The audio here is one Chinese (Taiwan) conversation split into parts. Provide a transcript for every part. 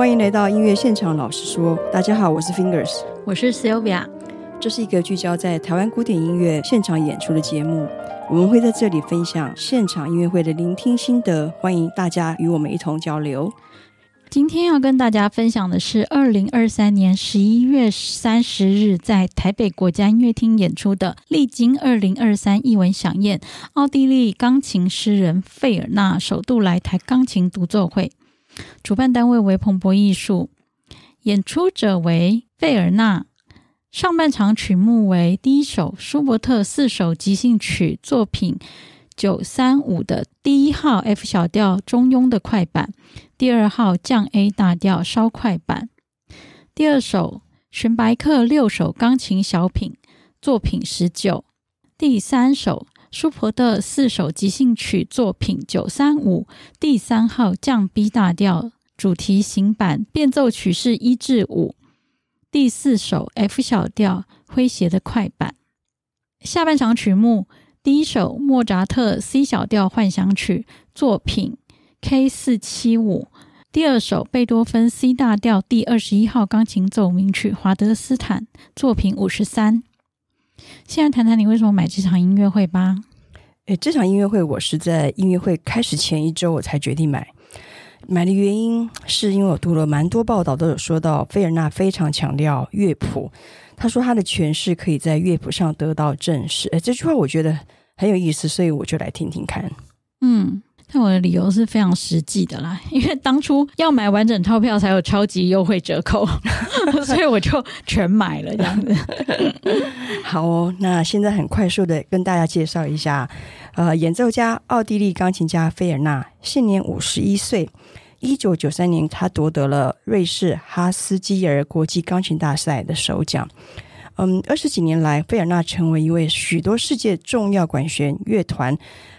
歡迎來到音樂現場，老實說，大家好，我是 Fingers，我是 Sylvia，這是一個聚焦在台灣古典音樂現場演出的節目，我們會在這裡分享現場音樂會的聆聽心得，歡迎大家與我們一同交流。今天要跟大家分享的是二零二三年十一月三十日在台北國家音樂廳演出的《力晶二零二三藝文饗宴》，奧地利鋼琴詩人費爾納首度來台鋼琴獨奏會。主辦單位為鵬博藝術，演出者為費爾納。上半場曲目為：第一首舒伯特四首即興曲作品九三五的第一號 F 小調中庸的快板，第二號降 A 大調稍快板；第二首荀白克六首鋼琴小品作品十九；第三首。舒伯特四首即興曲作品九三五，第三號降 B 大調主題行板變奏曲是一至五，第四首 F 小調詼諧的快板。下半場曲目，第一首莫扎特 C 小調幻想曲作品 K 四七五，第二首貝多芬 C 大調第二十一號鋼琴奏鳴曲華德斯坦作品五十三。現在談談你為什麼買這場音樂會吧。這場音樂會，我是在音樂會開始前一周我才決定買。買的原因是因為我讀了蠻多報道，都有說到費爾納非常強調樂譜，他說他的詮釋可以在樂譜上得到證實。哎，這句話我覺得很有意思，所以我就來聽聽看。嗯，那我的理由是非常實際的啦，因為當初要買完整套票才有超級優惠折扣， 所以我就全買了這樣子。 好哦，那現在很快速的跟大家介紹一下。呃，演奏家奧地利鋼琴家菲爾納，現年五十一歲。一九九三年，他奪得了瑞士哈斯基爾國際鋼琴大賽的首獎。嗯，二十幾年來，菲爾納成為一位許多世界重要管弦樂團、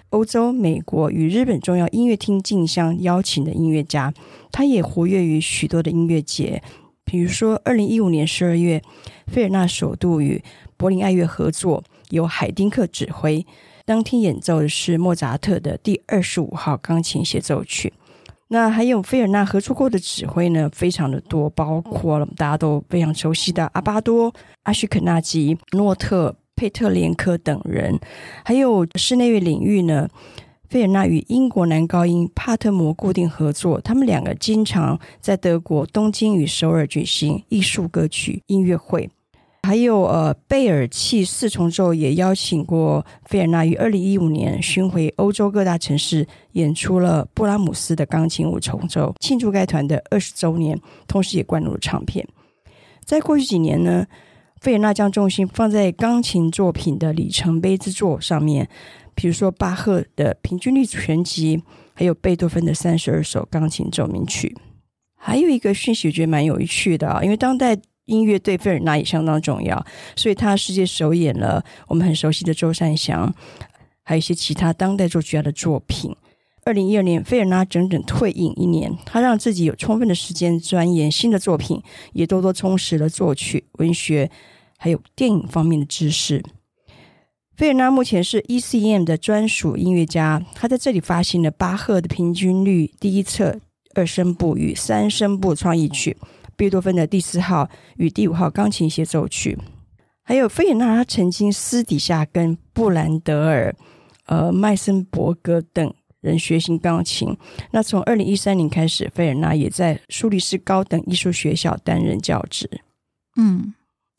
歐洲、美國與日本重要音樂廳競相邀請的音樂家。他也活躍於許多的音樂節，比如說二零一五年十二月，菲爾納首度與柏林愛樂合作，由海丁克指揮。當天演奏的是莫扎特的第二十五號鋼琴協奏曲。那還有費爾納合作過的指揮呢，非常的多，包括了大家都非常熟悉的阿巴多、阿什肯納吉、諾特、佩特連科等人。還有室內樂領域呢，費爾納與英國男高音帕特摩固定合作，他們兩個經常在德國、東京與首爾舉行藝術歌曲音樂會。還有，呃，貝爾契四重奏也邀請過費爾納，於二零一五年巡迴歐洲各大城市，演出了布拉姆斯的鋼琴五重奏，慶祝該團的二十周年，同時也灌入了唱片。在過去幾年呢，費爾納將重心放在鋼琴作品的里程碑之作上面，比如說巴赫的平均律全集，還有貝多芬的三十二首鋼琴奏鳴曲。還有一個訊息，我覺得蠻有趣的啊，因為當代。音樂對費爾納也相當重要，所以他世界首演了我們很熟悉的周善祥，還有一些其他當代作曲家的作品。二零一二年，費爾納整整退隱一年，他讓自己有充分的時間鑽研新的作品，也多多充實了作曲、文學還有電影方面的知識。費爾納目前是 ECM 的專屬音樂家，他在這裡發行了巴赫的平均律第一冊二聲部與三聲部創意曲。貝多芬的第四號與第五號鋼琴協奏曲，還有費爾納，他曾經私底下跟布蘭德爾、呃麥森伯格等人學習鋼琴。那從二零一三年開始，費爾納也在蘇黎世高等藝術學校擔任教職。嗯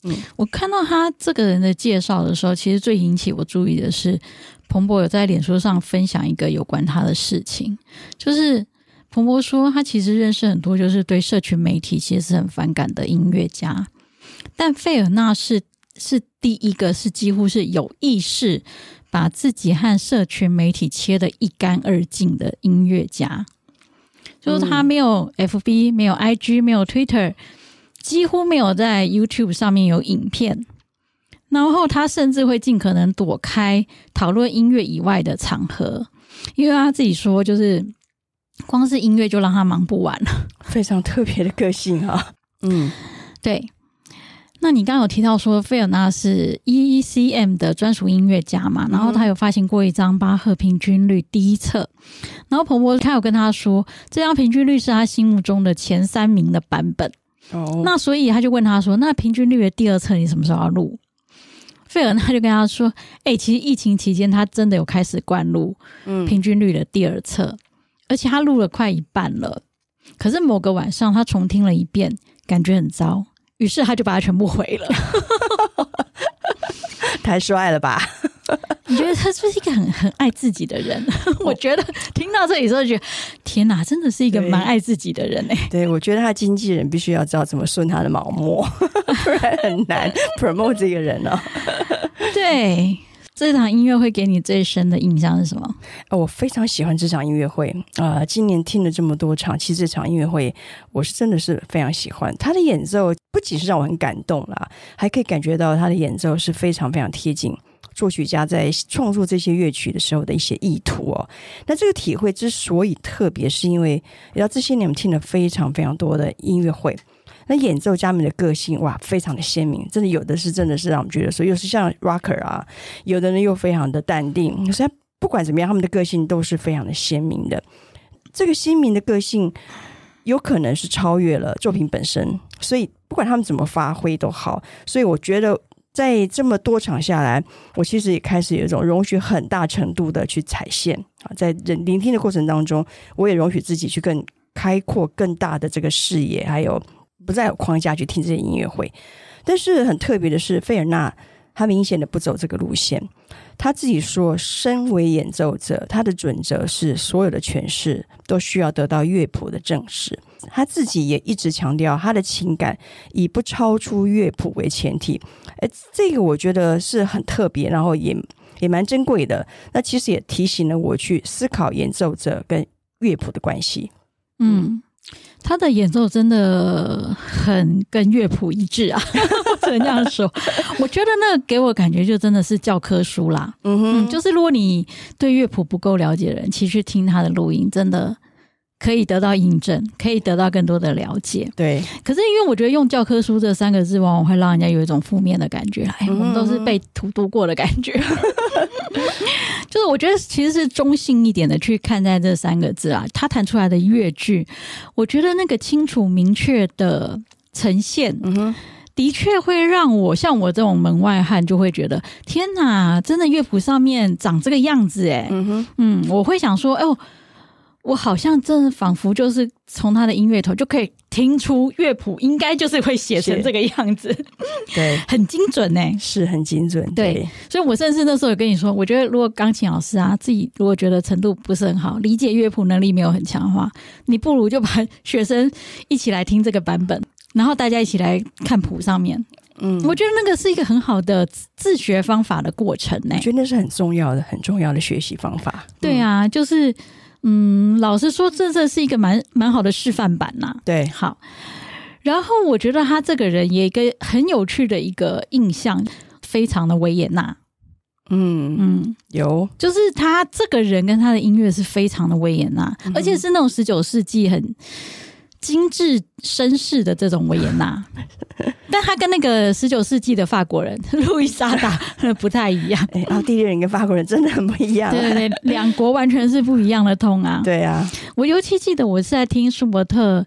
嗯，我看到他這個人的介紹的時候，其實最引起我注意的是，鵬博有在臉書上分享一個有關他的事情，就是。鵬博說，他其實認識很多，就是對社群媒體其實是很反感的音樂家，但費爾納是是第一個，是幾乎是有意識把自己和社群媒體切得一乾二淨的音樂家，嗯、就是他沒有 F B，沒有 I G，沒有 Twitter，幾乎沒有在 YouTube 上面有影片，然後他甚至會盡可能躲開討論音樂以外的場合，因為他自己說就是。光是音樂就讓他忙不完了， 非常特別的個性啊！嗯，對。那你剛剛有提到說，費爾納是 EECM 的專屬音樂家嘛？嗯、然後他有發行過一張巴赫平均律第一冊，然後鵬博他有跟他說，這張平均律是他心目中的前三名的版本哦。那所以他就問他說：“那平均律的第二冊你什麼時候要錄？”費爾納就跟他說：“哎、欸，其實疫情期間他真的有開始灌錄嗯平均律的第二冊。”而且他錄了快一半了，可是某個晚上他重聽了一遍，感覺很糟，於是他就把它全部毀了。 太帥了吧！ 你覺得他是不是一個很很愛自己的人？ 我覺得聽到這裡就覺得：「天哪、啊，真的是一個蠻愛自己的人哎、欸。」對，我覺得他經紀人必須要知道怎麼順他的毛毛， 不然很難 promote 這個人呢、哦。 對。這場音樂會給你最深的印象是什麼？呃，我非常喜歡這場音樂會。呃，今年聽了這麼多場，其實這場音樂會我是真的是非常喜歡。他的演奏不僅是讓我很感動啦，還可以感覺到他的演奏是非常非常貼近作曲家在創作這些樂曲的時候的一些意圖哦。那這個體會之所以特別，是因為要這些年我們聽了非常非常多的音樂會。演奏家們的個性哇，非常的鮮明，真的有的是，真的是讓我們覺得說，有時像 rocker 啊，有的人又非常的淡定。所以，不管怎麼樣，他們的個性都是非常的鮮明的。這個鮮明的個性，有可能是超越了作品本身，所以不管他們怎麼發揮都好。所以，我覺得在這麼多場下來，我其實也開始有一種容許很大程度的去踩線啊，在聆聆聽的過程當中，我也容許自己去更開闊、更大的這個視野，還有。不再有框架去聽這些音樂會，但是很特別的是，費爾納他明顯的不走這個路線。他自己說，身為演奏者，他的準則是所有的詮釋都需要得到樂譜的證實。他自己也一直強調，他的情感以不超出樂譜為前提。呃，這個我覺得是很特別，然後也也蠻珍貴的。那其實也提醒了我去思考演奏者跟樂譜的關係。嗯。他的演奏真的很跟樂譜一致啊，只 能 這樣說。我覺得那給我感覺就真的是教科書啦。嗯哼，嗯，就是如果你對樂譜不夠了解的人，其實聽他的錄音真的。可以得到印證，可以得到更多的了解。對，可是因為我覺得用教科書這三個字，啊，往往會讓人家有一種負面的感覺，哎，我們都是被荼毒過的感覺。 就是我覺得其實是中性一點的去看待這三個字啊。他彈出來的樂句，我覺得那個清楚明確的呈現，嗯哼、的確會讓我像我這種門外漢就會覺得，天哪，真的樂譜上面長這個樣子，哎，嗯哼，嗯，我會想說，哎、哦、呦……我好像真的仿佛就是從他的音樂頭就可以聽出樂譜，應該就是會寫成這個樣子，對 很、欸，很精準呢，是很精準。對，所以我甚至那時候有跟你說，我覺得如果鋼琴老師啊自己如果覺得程度不是很好，理解樂譜能力沒有很強的話，你不如就把學生一起來聽這個版本，然後大家一起來看譜上面，嗯，我覺得那個是一個很好的自學方法的過程呢、欸，我覺得那是很重要的、很重要的學習方法。嗯、對啊，就是。嗯，老實說，這是一個蠻蠻好的示範版吶、啊。對，好。然後我覺得他這個人也一個很有趣的一個印象，非常的維也納。嗯嗯，有，就是他這個人跟他的音樂是非常的維也納，而且是那種十九世紀很。精緻紳士的這種維也納，但他跟那個十九世紀的法國人路易莎達不太一樣。然後奧地利人跟法國人真的很不一樣。對，對，兩國完全是不一樣的痛啊！對啊，我尤其記得，我是在聽舒伯特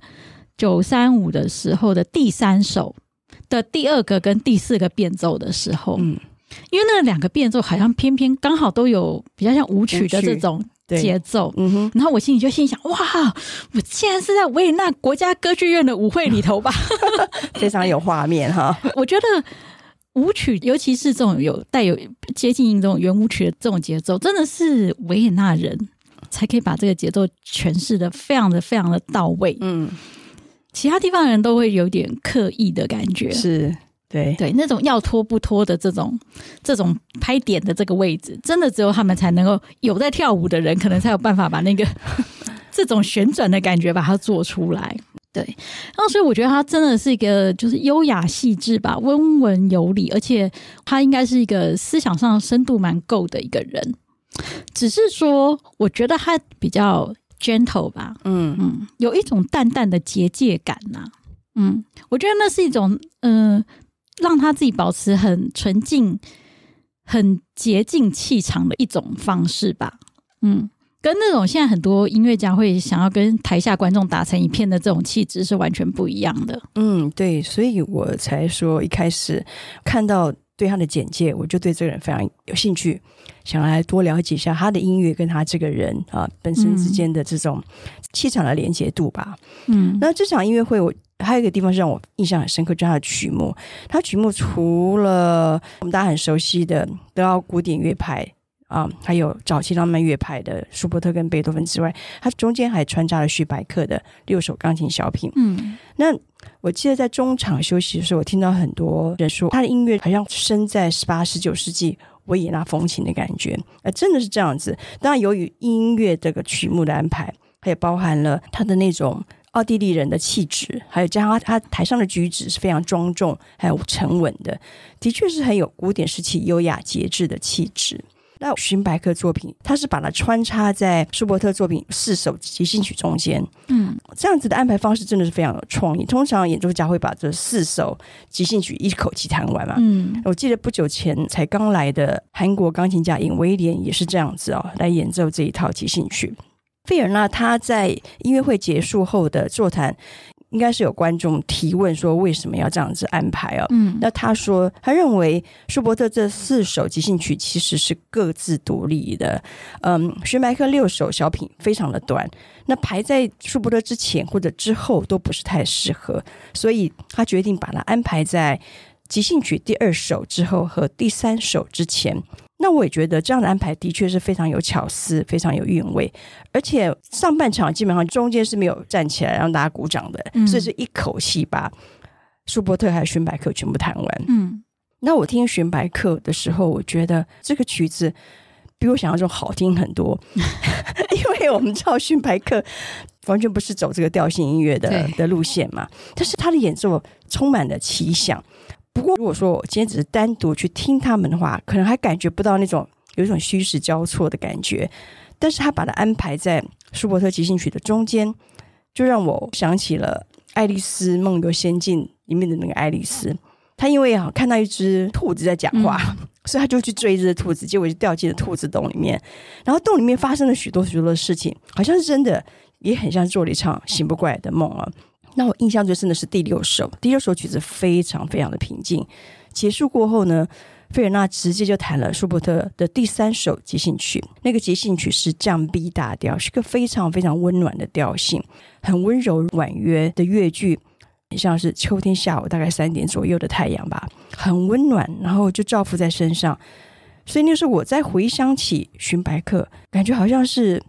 九三五的時候的第三首的第二個跟第四個變奏的時候，嗯，因為那兩個變奏好像偏偏剛好都有比較像舞曲的這種。節奏，嗯哼，然後我心裡就心裡想，哇，我竟然是在維也納國家歌劇院的舞會裡頭吧， 非常有畫面哈。 我覺得舞曲，尤其是這種有帶有接近這種圓舞曲的這種節奏，真的是維也納人才可以把這個節奏詮釋的非常的非常的到位。嗯，其他地方人都會有點刻意的感覺，是。對對，那種要拖不拖的這種這種拍點的這個位置，真的只有他們才能夠有在跳舞的人，可能才有辦法把那個這種旋轉的感覺把它做出來。對，然、啊、後所以我覺得他真的是一個就是優雅細緻吧，溫文有禮，而且他應該是一個思想上深度蠻夠的一個人。只是說，我覺得他比較 gentle 吧，嗯嗯，有一種淡淡的結界感吶、啊，嗯，我覺得那是一種嗯。呃讓他自己保持很純淨、很潔淨氣場的一種方式吧。嗯，跟那種現在很多音樂家會想要跟台下觀眾打成一片的這種氣質是完全不一樣的。嗯，對，所以我才說一開始看到對他的簡介，我就對這個人非常有興趣，想來多了解一下他的音樂跟他這個人啊本身之間的這種氣場的連接度吧。嗯，那這場音樂會我。還有一個地方是讓我印象很深刻，就是它的曲目。它曲目除了我們大家很熟悉的德奧古典樂派啊、嗯，還有早期浪漫樂派的舒伯特跟貝多芬之外，它中間還穿插了荀白克的六首鋼琴小品。嗯，那我記得在中場休息的時候，我聽到很多人說他的音樂好像身在十八、十九世紀維也納風情的感覺。呃，真的是這樣子。當然，由於音樂這個曲目的安排，它也包含了它的那種。奧地利人的氣質，還有加上他台上的舉止是非常莊重、還有沉穩的，的確是很有古典時期優雅、節制的氣質。那荀白克作品，他是把它穿插在舒伯特作品四首即興曲中間，嗯，這樣子的安排方式真的是非常有創意。通常演奏家會把這四首即興曲一口氣彈完嘛，嗯，我記得不久前才剛來的韓國鋼琴家尹威廉也是這樣子哦，來演奏這一套即興曲。費爾納他在音樂會結束後的座談，應該是有觀眾提問說為什麼要這樣子安排啊、哦？嗯，那他說他認為舒伯特這四首即興曲其實是各自獨立的，嗯，荀白克六首小品非常的短，那排在舒伯特之前或者之後都不是太適合，所以他決定把它安排在即興曲第二首之後和第三首之前。那我也覺得這樣的安排的確是非常有巧思，非常有韻味。而且上半場基本上中間是沒有站起來讓大家鼓掌的，嗯、所以是一口氣把舒伯特還有荀白克全部彈完。嗯，那我聽荀白克的時候，我覺得這個曲子比我想象中好聽很多， 因為我們知道荀白克完全不是走這個調性音樂的的路線嘛，但是他的演奏充滿了奇想。不過，如果說我今天只是單獨去聽他們的話，可能還感覺不到那種有一種虛實交錯的感覺。但是他把它安排在舒伯特即興曲的中間，就讓我想起了《愛麗絲夢遊仙境》裡面的那個愛麗絲。她因為啊看到一只兔子在講話，嗯，所以她就去追這只兔子，結果就掉進了兔子洞裡面。然後洞裡面發生了許多許多的事情，好像是真的，也很像做了一場醒不過來的夢啊。那我印象最深的是第六首，第六首曲子非常非常的平靜。結束過後呢，費爾納直接就彈了舒伯特的第三首即興曲。那個即興曲是降 B 大調，是個非常非常溫暖的調性，很溫柔婉約的樂句，像是秋天下午大概三點左右的太陽吧，很溫暖，然後就照拂在身上。所以那時候我再回想起荀白克，感覺好像是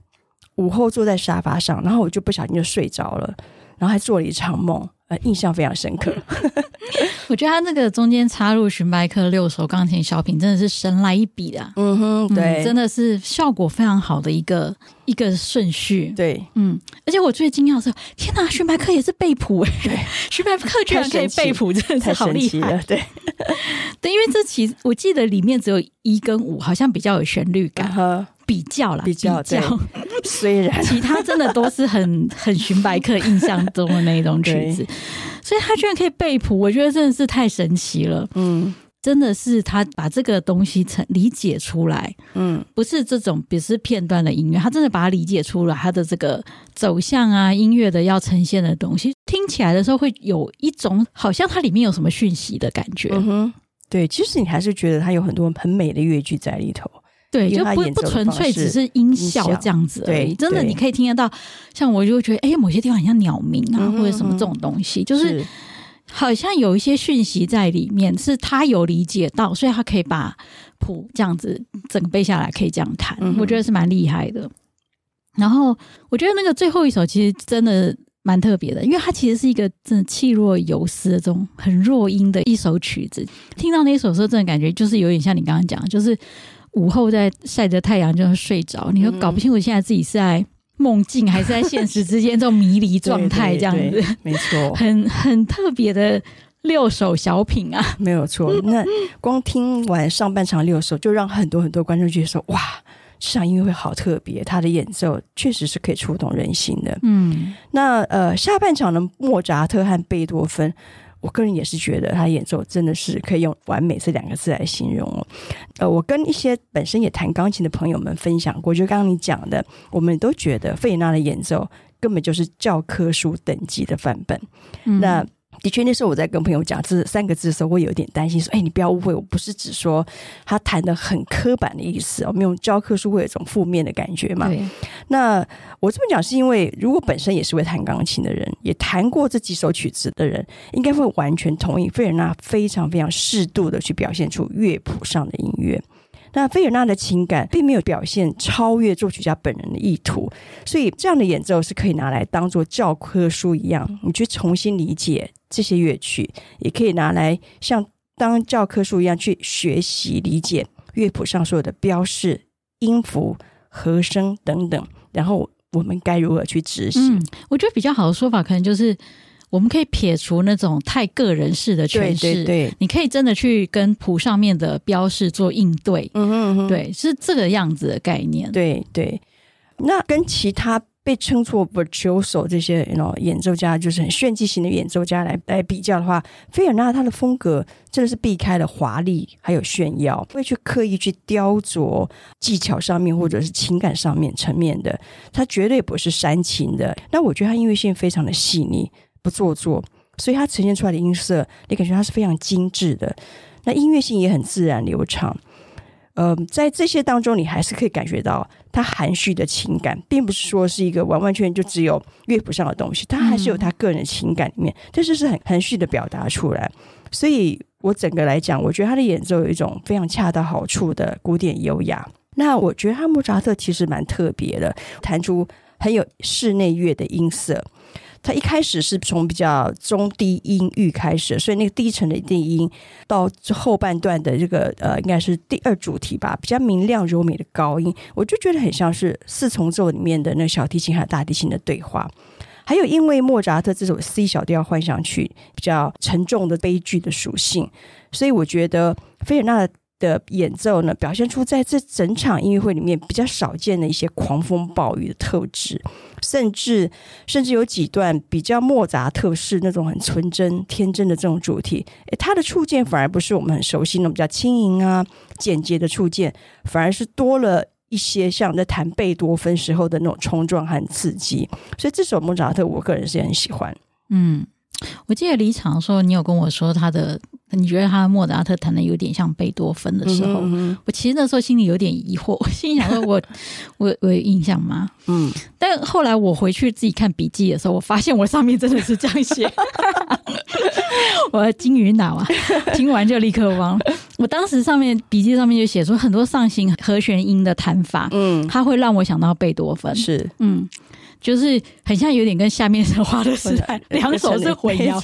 午後坐在沙發上，然後我就不小心就睡着了。然後還做了一場夢，呃，印象非常深刻。 我覺得他那個中間插入荀白克六首鋼琴小品，真的是神來一筆的。Uh -huh, 嗯哼，對，真的是效果非常好的一個一個順序。對，嗯，而且我最驚訝的是，天哪，荀白克也是背譜哎。對，荀白克居然可以背譜，真的是太厲害太神奇了。對， 對，因為這期我記得裡面只有一跟五，好像比較有旋律感。Uh -huh. 比較了，比較這 雖然其他真的都是很很荀白克 印象中的那一種曲子，所以他居然可以背譜，我覺得真的是太神奇了。嗯，真的是他把這個東西成理解出來，嗯，不是這種只是片段的音樂，他真的把它理解出來，他的這個走向啊，音樂的要呈現的東西，聽起來的時候會有一種好像它裡面有什麼訊息的感覺。嗯哼，對，其實你還是覺得它有很多很美的樂句在裡頭。對，就不不純粹只是音效這樣子而已。對對，真的，你可以聽得到，像我就覺得，哎、欸，某些地方很像鳥鳴啊，或者什麼這種東西，嗯嗯就是，是好像有一些訊息在裡面，是他有理解到，所以他可以把譜這樣子整個背下來，可以這樣彈、嗯。我覺得是蠻厲害的。然後，我覺得那個最後一首其實真的蠻特別的，因為它其實是一個真的氣若游絲、這種很弱音的一首曲子。聽到那一首時候，真的感覺就是有點像你剛剛講的，就是。午後在曬着太陽就能睡着，你又搞不清楚現在自己是在夢境還是在現實之間這種迷離狀態，這樣子 對對對，沒錯，很很特別的六首小品啊，沒有錯。那光聽完上半場六首，就讓很多很多觀眾覺得說，哇，這場音樂會好特別，他的演奏確實是可以觸動人心的。嗯，那呃，下半場的莫扎特和貝多芬。我個人也是覺得他演奏真的是可以用“完美”這兩個字來形容哦。呃，我跟一些本身也彈鋼琴的朋友們分享過，就剛剛你講的，我們都覺得費爾納的演奏根本就是教科書等級的範本。嗯、那的確，那時候我在跟朋友講這三個字的時候，我有點擔心，說：“哎、欸，你不要誤會，我不是只說他彈得很刻板的意思，我們用教科書會有一種負面的感覺嘛。嗯”那我這麼講是因為，如果本身也是會彈鋼琴的人，也彈過這幾首曲子的人，應該會完全同意，費爾納非常非常適度的去表現出樂譜上的音樂。那費爾納的情感並沒有表現超越作曲家本人的意圖，所以這樣的演奏是可以拿來當做教科書一樣、嗯，你去重新理解。這些樂曲也可以拿來像當教科書一樣去學習理解樂譜上所有的標示、音符、和聲等等，然後我們該如何去執行？嗯，我覺得比較好的說法，可能就是我們可以撇除那種太個人式的詮釋，對，對，對。你可以真的去跟譜上面的標示做應對。嗯哼嗯哼，對，是這個樣子的概念。對對，那跟其他。被稱作 virtuoso 這些 you know, 演奏家，就是很炫技型的演奏家來來比較的話，費爾納他的風格真的是避開了華麗還有炫耀，不會去刻意去雕琢技巧上面或者是情感上面層面的，他絕對不是煽情的。那我覺得他音樂性非常的細膩，不做作，所以他呈現出來的音色，你感覺他是非常精致的。那音樂性也很自然流暢。嗯、呃，在這些當中，你還是可以感覺到他含蓄的情感，並不是說是一個完完全全就只有樂譜上的東西，他還是有他個人情感裡面，但是是很含蓄的表達出來。所以我整個來講，我覺得他的演奏有一種非常恰到好處的古典優雅。那我覺得他莫扎特其實蠻特別的，彈出很有室內樂的音色。它一開始是從比較中低音域開始，所以那個低沉的低音到後半段的這個呃，應該是第二主題吧，比較明亮柔美的高音，我就覺得很像是四重奏裡面的那小提琴和大提琴的對話。還有，因為莫扎特這首 C 小調幻想曲，比較沉重的悲劇的屬性，所以我覺得費爾納的演奏呢，表現出在這整場音樂會裡面比較少見的一些狂風暴雨的特質，甚至甚至有幾段比較莫扎特式那種很純真、天真的這種主題。誒，他的觸鍵反而不是我們很熟悉的比較輕盈啊、簡潔的觸鍵，反而是多了一些像在彈貝多芬時候的那種衝撞和刺激。所以這首莫扎特，我個人是很喜歡。嗯。我記得離場的時候，你有跟我說他的，你覺得他的莫扎特彈的有點像貝多芬的時候，嗯嗯嗯，我其實那時候心裡有點疑惑，我心裡想說我我我有印象嗎？嗯，但後來我回去自己看筆記的時候，我發現我上面真的是這樣寫， 我金魚腦啊，聽完就立刻忘了。我當時上面筆記上面就寫出很多上行和弦音的彈法，嗯，他會讓我想到貝多芬，是，嗯。就是很像有點跟下面是華德斯坦兩手是毀掉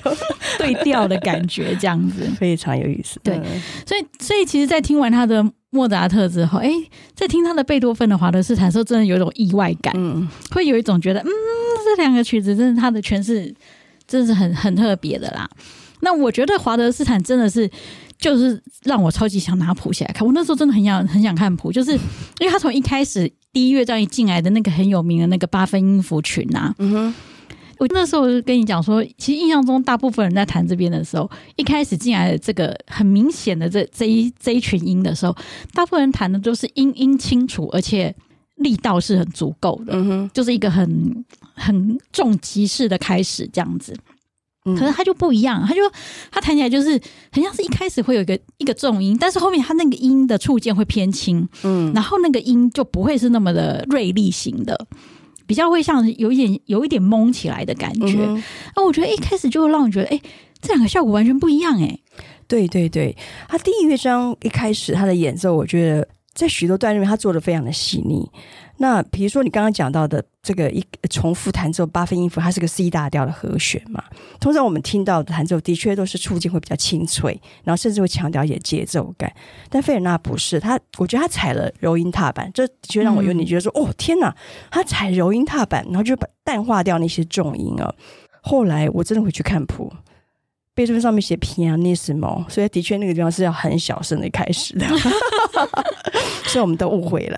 對調的感覺，這樣子非常有意思。對，嗯、所以所以其實，在聽完他的莫扎特之後，哎、欸，在聽他的貝多芬的華德斯坦時候，真的有一種意外感，嗯。會有一種覺得，嗯，這兩個曲子，真的他的詮釋，真是很很特別的啦。那我覺得華德斯坦真的是，就是讓我超級想拿譜寫來看。我那時候真的很想很想看譜，就是因為他從一開始。第一樂章一進來的那個很有名的那個八分音符群啊，嗯哼，我那時候我就跟你講說，其實印象中大部分人在彈這邊的時候，一開始進來的這個很明顯的這這一這一群音的時候，大部分人彈的都是音音清楚，而且力道是很足夠的，嗯哼，就是一個很很重擊式的開始這樣子。嗯、可是他就不一樣，他就他彈起來就是，很像是一開始會有一個一個重音，但是後面他那個音的觸鍵會偏輕，嗯，然後那個音就不會是那麼的銳利型的，比較會像有一點有一點蒙起來的感覺。那、嗯嗯啊、我覺得一開始就會讓我覺得，哎、欸，這兩個效果完全不一樣、欸，哎，對對對，他第一樂章一開始他的演奏，我覺得在許多段落裡面他做的非常的細膩。那比如說你剛剛講到的這個一重複彈奏八分音符，它是個 C 大調的和弦嘛。通常我們聽到的彈奏的確都是觸鍵會比較清脆，然後甚至會強調一些節奏感。但費爾納不是他，我覺得他踩了柔音踏板，這的確讓我有點覺得說：哦，天哪！他踩柔音踏板，然後就把淡化掉那些重音了，哦。後來我真的回去看譜，貝斯上面寫 pianissimo，所以的確那個地方是要很小聲的開始的， 所以我們都誤會了。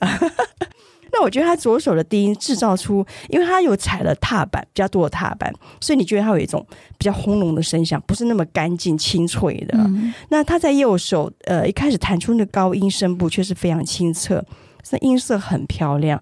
那我覺得他左手的低音制造出，因為他有踩了踏板，比較多的踏板，所以你覺得他有一種比較轟隆的聲響，不是那麼乾淨清脆的。嗯、那他在右手，呃，一開始彈出那個高音聲部卻是非常清澈，那音色很漂亮。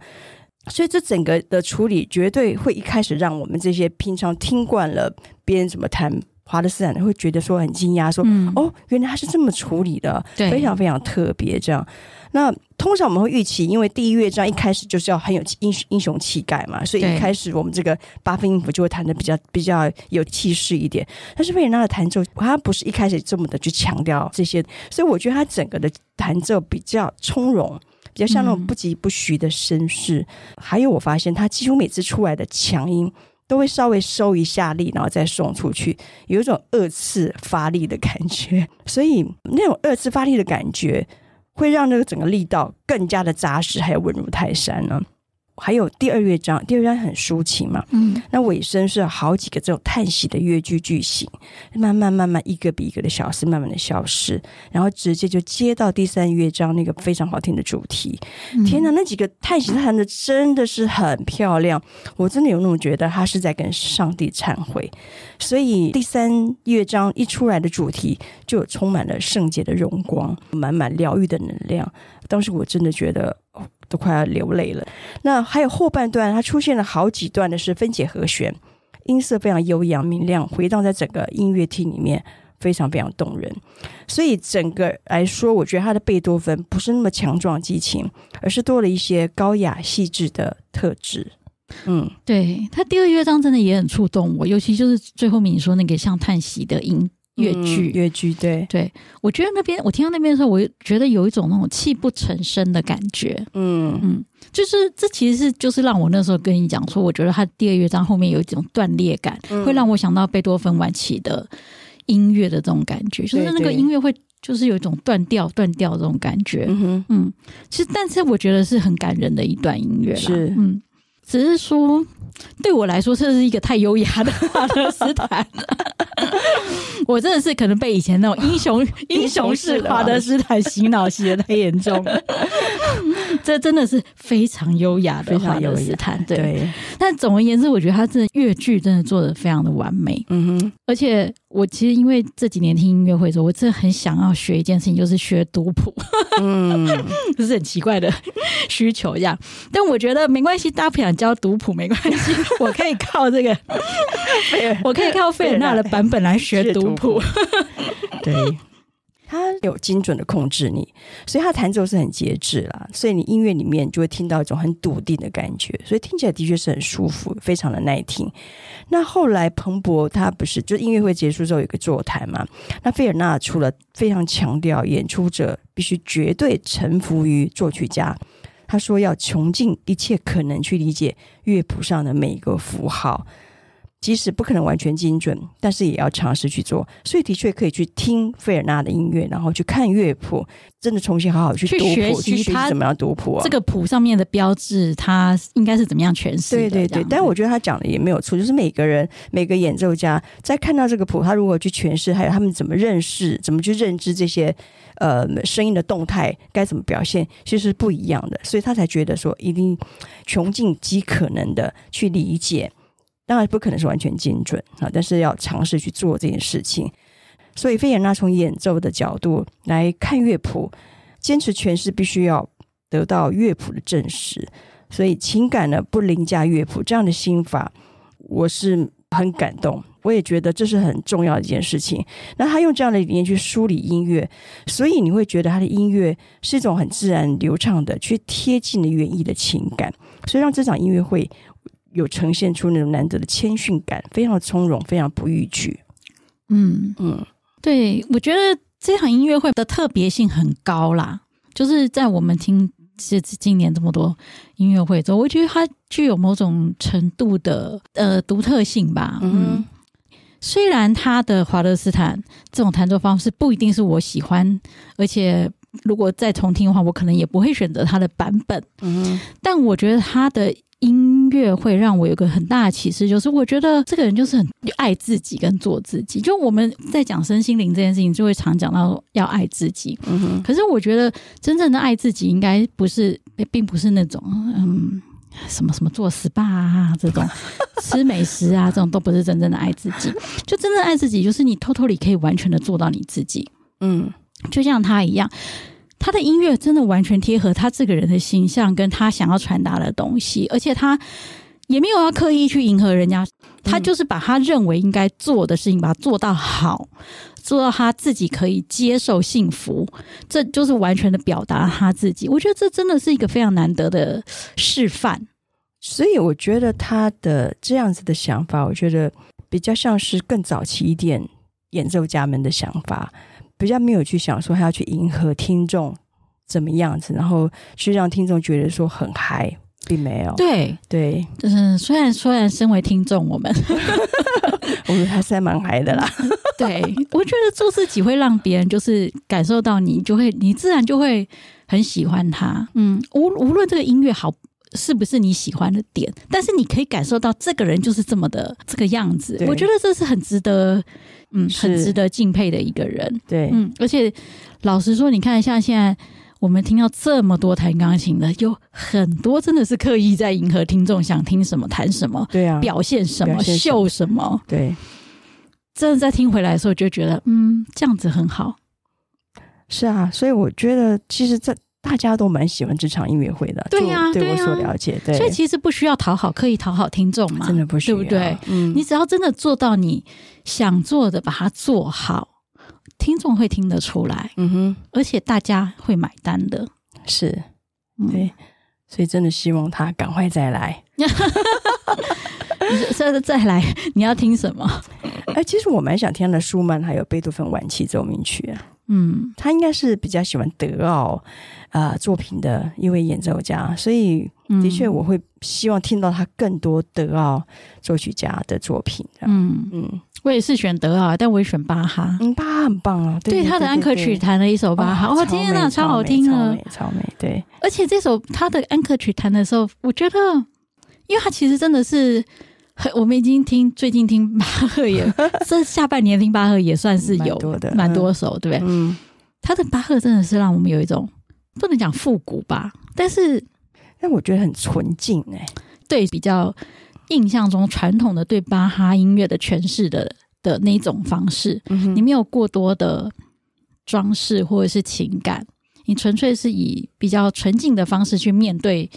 所以這整個的處理絕對會一開始讓我們這些平常聽慣了別人怎麼彈華德斯坦的，會覺得說很驚訝，說、嗯、哦，原來他是這麼處理的，對非常非常特別這樣。那通常我們會預期，因為第一樂章一開始就是要很有英英雄氣概嘛，所以一開始我們這個八分音符就會彈得比較比較有氣勢一點。但是費爾納的彈奏，他不是一開始這麼的去強調這些，所以我覺得他整個的彈奏比較從容，比較像那種不疾不徐的紳士、嗯。還有我發現他幾乎每次出來的強音都會稍微收一下力，然後再送出去，有一種二次發力的感覺。所以那種二次發力的感覺。會讓那個整個力道更加的扎實，還有穩如泰山呢、啊。還有第二樂章，第二樂章很抒情嘛，嗯，那尾聲是好幾個這種嘆息的樂句句型，慢慢慢慢一個比一個的小聲，慢慢的消失，然後直接就接到第三樂章那個非常好聽的主題。嗯、天吶，那幾個嘆息彈的真的是很漂亮，我真的有那種覺得他是在跟上帝懺悔，所以第三樂章一出來的主題就有充滿了聖潔的榮光，滿滿療癒的能量。當時我真的覺得。都快要流淚了。那還有後半段，它出現了好幾段的是分解和弦，音色非常悠揚明亮，回蕩在整個音樂廳裡面，非常非常動人。所以整個來說，我覺得他的貝多芬不是那麼強壯的激情，而是多了一些高雅細緻的特質。嗯，對，他第二樂章真的也很觸動我，尤其就是最後面你說那個像嘆息的音。樂句，樂、嗯、句，對對，我覺得那邊，我聽到那邊的時候，我覺得有一種那種泣不成聲的感覺，嗯嗯，就是這其實是就是讓我那時候跟你講說，我覺得他第二樂章後面有一種斷裂感，嗯、會讓我想到貝多芬晚期的音樂的這種感覺，就是那，那個音樂會就是有一種斷掉斷掉這種感覺，嗯嗯，其實但是我覺得是很感人的一段音樂，是嗯。只是說，對我來說，這是一個太優雅的華德斯坦。我真的是可能被以前那種英雄英雄式華德斯坦洗腦洗得太嚴重。這真的是非常優雅的華德斯坦。對，但總而言之，我覺得他真的樂句真的做得非常的完美。嗯哼，而且我其實因為這幾年聽音樂會，說我真的很想要學一件事情，就是學讀譜。嗯，這是很奇怪的需求一樣。但我覺得沒關係，搭配。你教讀譜沒關係， 我可以靠這個， 我可以靠費爾納的版本來學讀譜。 對，他有精準的控制你，所以他彈奏是很節制啦，所以你音樂裡面就會聽到一種很篤定的感覺，所以聽起來的確是很舒服，非常的耐聽。那後來鵬博他不是，就是、音樂會結束之後有一個座談嘛，那費爾納除了非常強調演出者必須絕對臣服於作曲家，他說：“要窮盡一切可能去理解樂譜上的每一個符號。”即使不可能完全精準，但是也要嘗試去做。所以的確可以去聽費爾納的音樂，然後去看樂譜，真的重新好好去讀譜。去學習，他怎麼樣讀譜啊？這個譜上面的標誌，它應該是怎麼樣詮釋？對對對。但我覺得他講的也沒有錯，就是每個人每個演奏家在看到這個譜，他如何去詮釋，還有他們怎麼認識，怎麼去認知這些呃聲音的動態該怎麼表現，其實是不一樣的。所以他才覺得說，一定窮盡極可能的去理解。當然不可能是完全精準啊！但是要嘗試去做這件事情。所以費爾納從演奏的角度來看樂譜，堅持詮釋必須要得到樂譜的證實。所以情感呢，不凌駕樂譜，這樣的心法我是很感動，我也覺得這是很重要的一件事情。那他用這樣的語言去梳理音樂，所以你會覺得他的音樂是一種很自然流暢的，去貼近的原意的情感。所以讓這場音樂會。有呈現出那種難得的謙遜感，非常從容，非常不逾矩。嗯嗯，對，我覺得這場音樂會的特別性很高啦，就是在我們聽這今年這麼多音樂會中，我覺得它具有某種程度的呃獨特性吧。嗯，嗯雖然他的華德斯坦這種彈奏方式不一定是我喜歡，而且如果再重聽的話，我可能也不會選擇他的版本。嗯，但我覺得他的音越會讓我有個很大的啟示，就是我覺得這個人就是很愛自己跟做自己。就我們在講身心靈這件事情，就會常講到要愛自己。嗯哼，可是我覺得真正的愛自己，應該不是，並不是那種嗯什麼什麼做 SPA 啊，這種， 吃美食啊這種，都不是真正的愛自己。就真正愛自己，就是你偷偷裡可以完全的做到你自己。嗯，就像他一樣。他的音樂真的完全貼合他這個人的形象，跟他想要傳達的東西，而且他也沒有要刻意去迎合人家，他就是把他認為應該做的事情、嗯、把它做到好，做到他自己可以接受、幸福，這就是完全的表達他自己。我覺得這真的是一個非常難得的示範，所以我覺得他的這樣子的想法，我覺得比較像是更早期一點演奏家們的想法。比較沒有去想說他要去迎合聽眾怎麼樣子，然後去讓聽眾覺得說很嗨，並沒有。對對，就是雖然雖然身為聽眾，我們 我們還是蠻嗨的啦。 對，我覺得做自己會讓別人就是感受到你，就會你自然就會很喜歡他。嗯，無無論這個音樂好。是不是你喜歡的點？但是你可以感受到這個人就是這麼的這個樣子。我覺得這是很值得，嗯，很值得敬佩的一個人。對，嗯。而且老實說，你看，像現在我們聽到這麼多彈鋼琴的，有很多真的是刻意在迎合聽眾，想聽什麼彈什麼，對啊，表現什麼，表現什麼秀什麼，對。真的在聽回來的時候，就覺得嗯，這樣子很好。是啊，所以我覺得其實這。大家都蠻喜歡這場音樂會的，對呀、啊，對我所了解對、啊對，所以其實不需要討好，刻意討好聽眾嘛，真的不需要，對不對？嗯，你只要真的做到你想做的，把它做好，聽眾會聽得出來，嗯哼，而且大家會買單的，是，對，嗯、所以真的希望他趕快再來，以 再 再來，你要聽什麼？哎、呃，其實我蠻想聽的，舒曼還有貝多芬晚期奏鳴曲啊。嗯，他應該是比較喜歡德奧啊、呃、作品的一位演奏家，所以的確我會希望聽到他更多德奧作曲家的作品。嗯嗯，我也是選德奧，但我也選巴哈。嗯，巴哈很棒啊，對,對,對,對,對,對他的安可曲彈了一首巴哈，哦，天哪、啊、超,超好聽啊超美超美超美，超美。對，而且這首他的安可曲彈的時候，我覺得，因為他其實真的是。我們已經聽最近聽巴赫也這下半年聽巴赫也算是有 蠻多的，蠻多首，對不對？嗯，他的巴赫真的是讓我們有一種不能講復古吧，但是但我覺得很純淨哎、欸，對，比較印象中傳統的對巴哈音樂的詮釋的的那一種方式、嗯，你沒有過多的裝飾或者是情感，你純粹是以比較純淨的方式去面對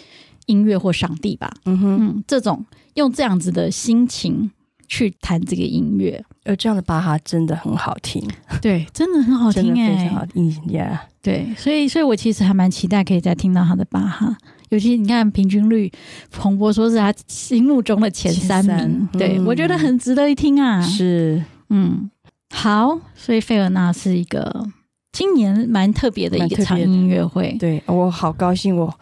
音樂或上帝吧，嗯哼，嗯這種。用這樣子的心情去彈這個音樂，而這樣的巴哈真的很好聽，對，真的很好聽、欸，真的非常好聽，聽、yeah. 對，所以，所以我其實還蠻期待可以再聽到他的巴哈，尤其你看平均率，鵬博說是他心目中的前三名，三嗯、對，我覺得很值得一聽啊，是，嗯，好，所以費爾納是一個今年蠻特別的一個場音樂會，對，我好高興我。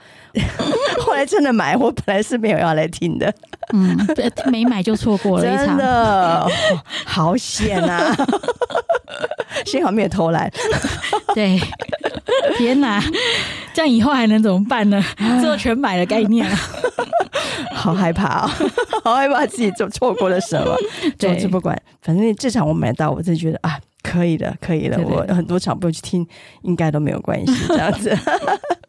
本來真的買，我本來是沒有要來聽的，嗯，沒買就錯過了一場，真的好險啊！ 幸好沒有偷懶， 對，天哪，這樣以後還能怎麼辦呢？做全買的概念 好害怕啊，哦，好害怕自己做錯過了什麼，對。總之不管，反正這場我買到，我真的覺得啊，可以的，可以的。我很多場不用去聽，應該都沒有關係，這樣子。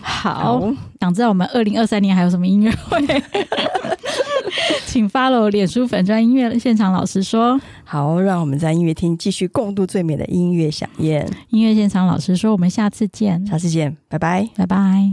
好，好，想知道我們二零二三年還有什麼音樂會？ 請發到臉書粉專“音樂現場”。老師說：“好，讓我們在音樂廳繼續共度最美的音樂饗宴。”音樂現場老師說：“我們下次見，下次見，拜拜，拜拜。”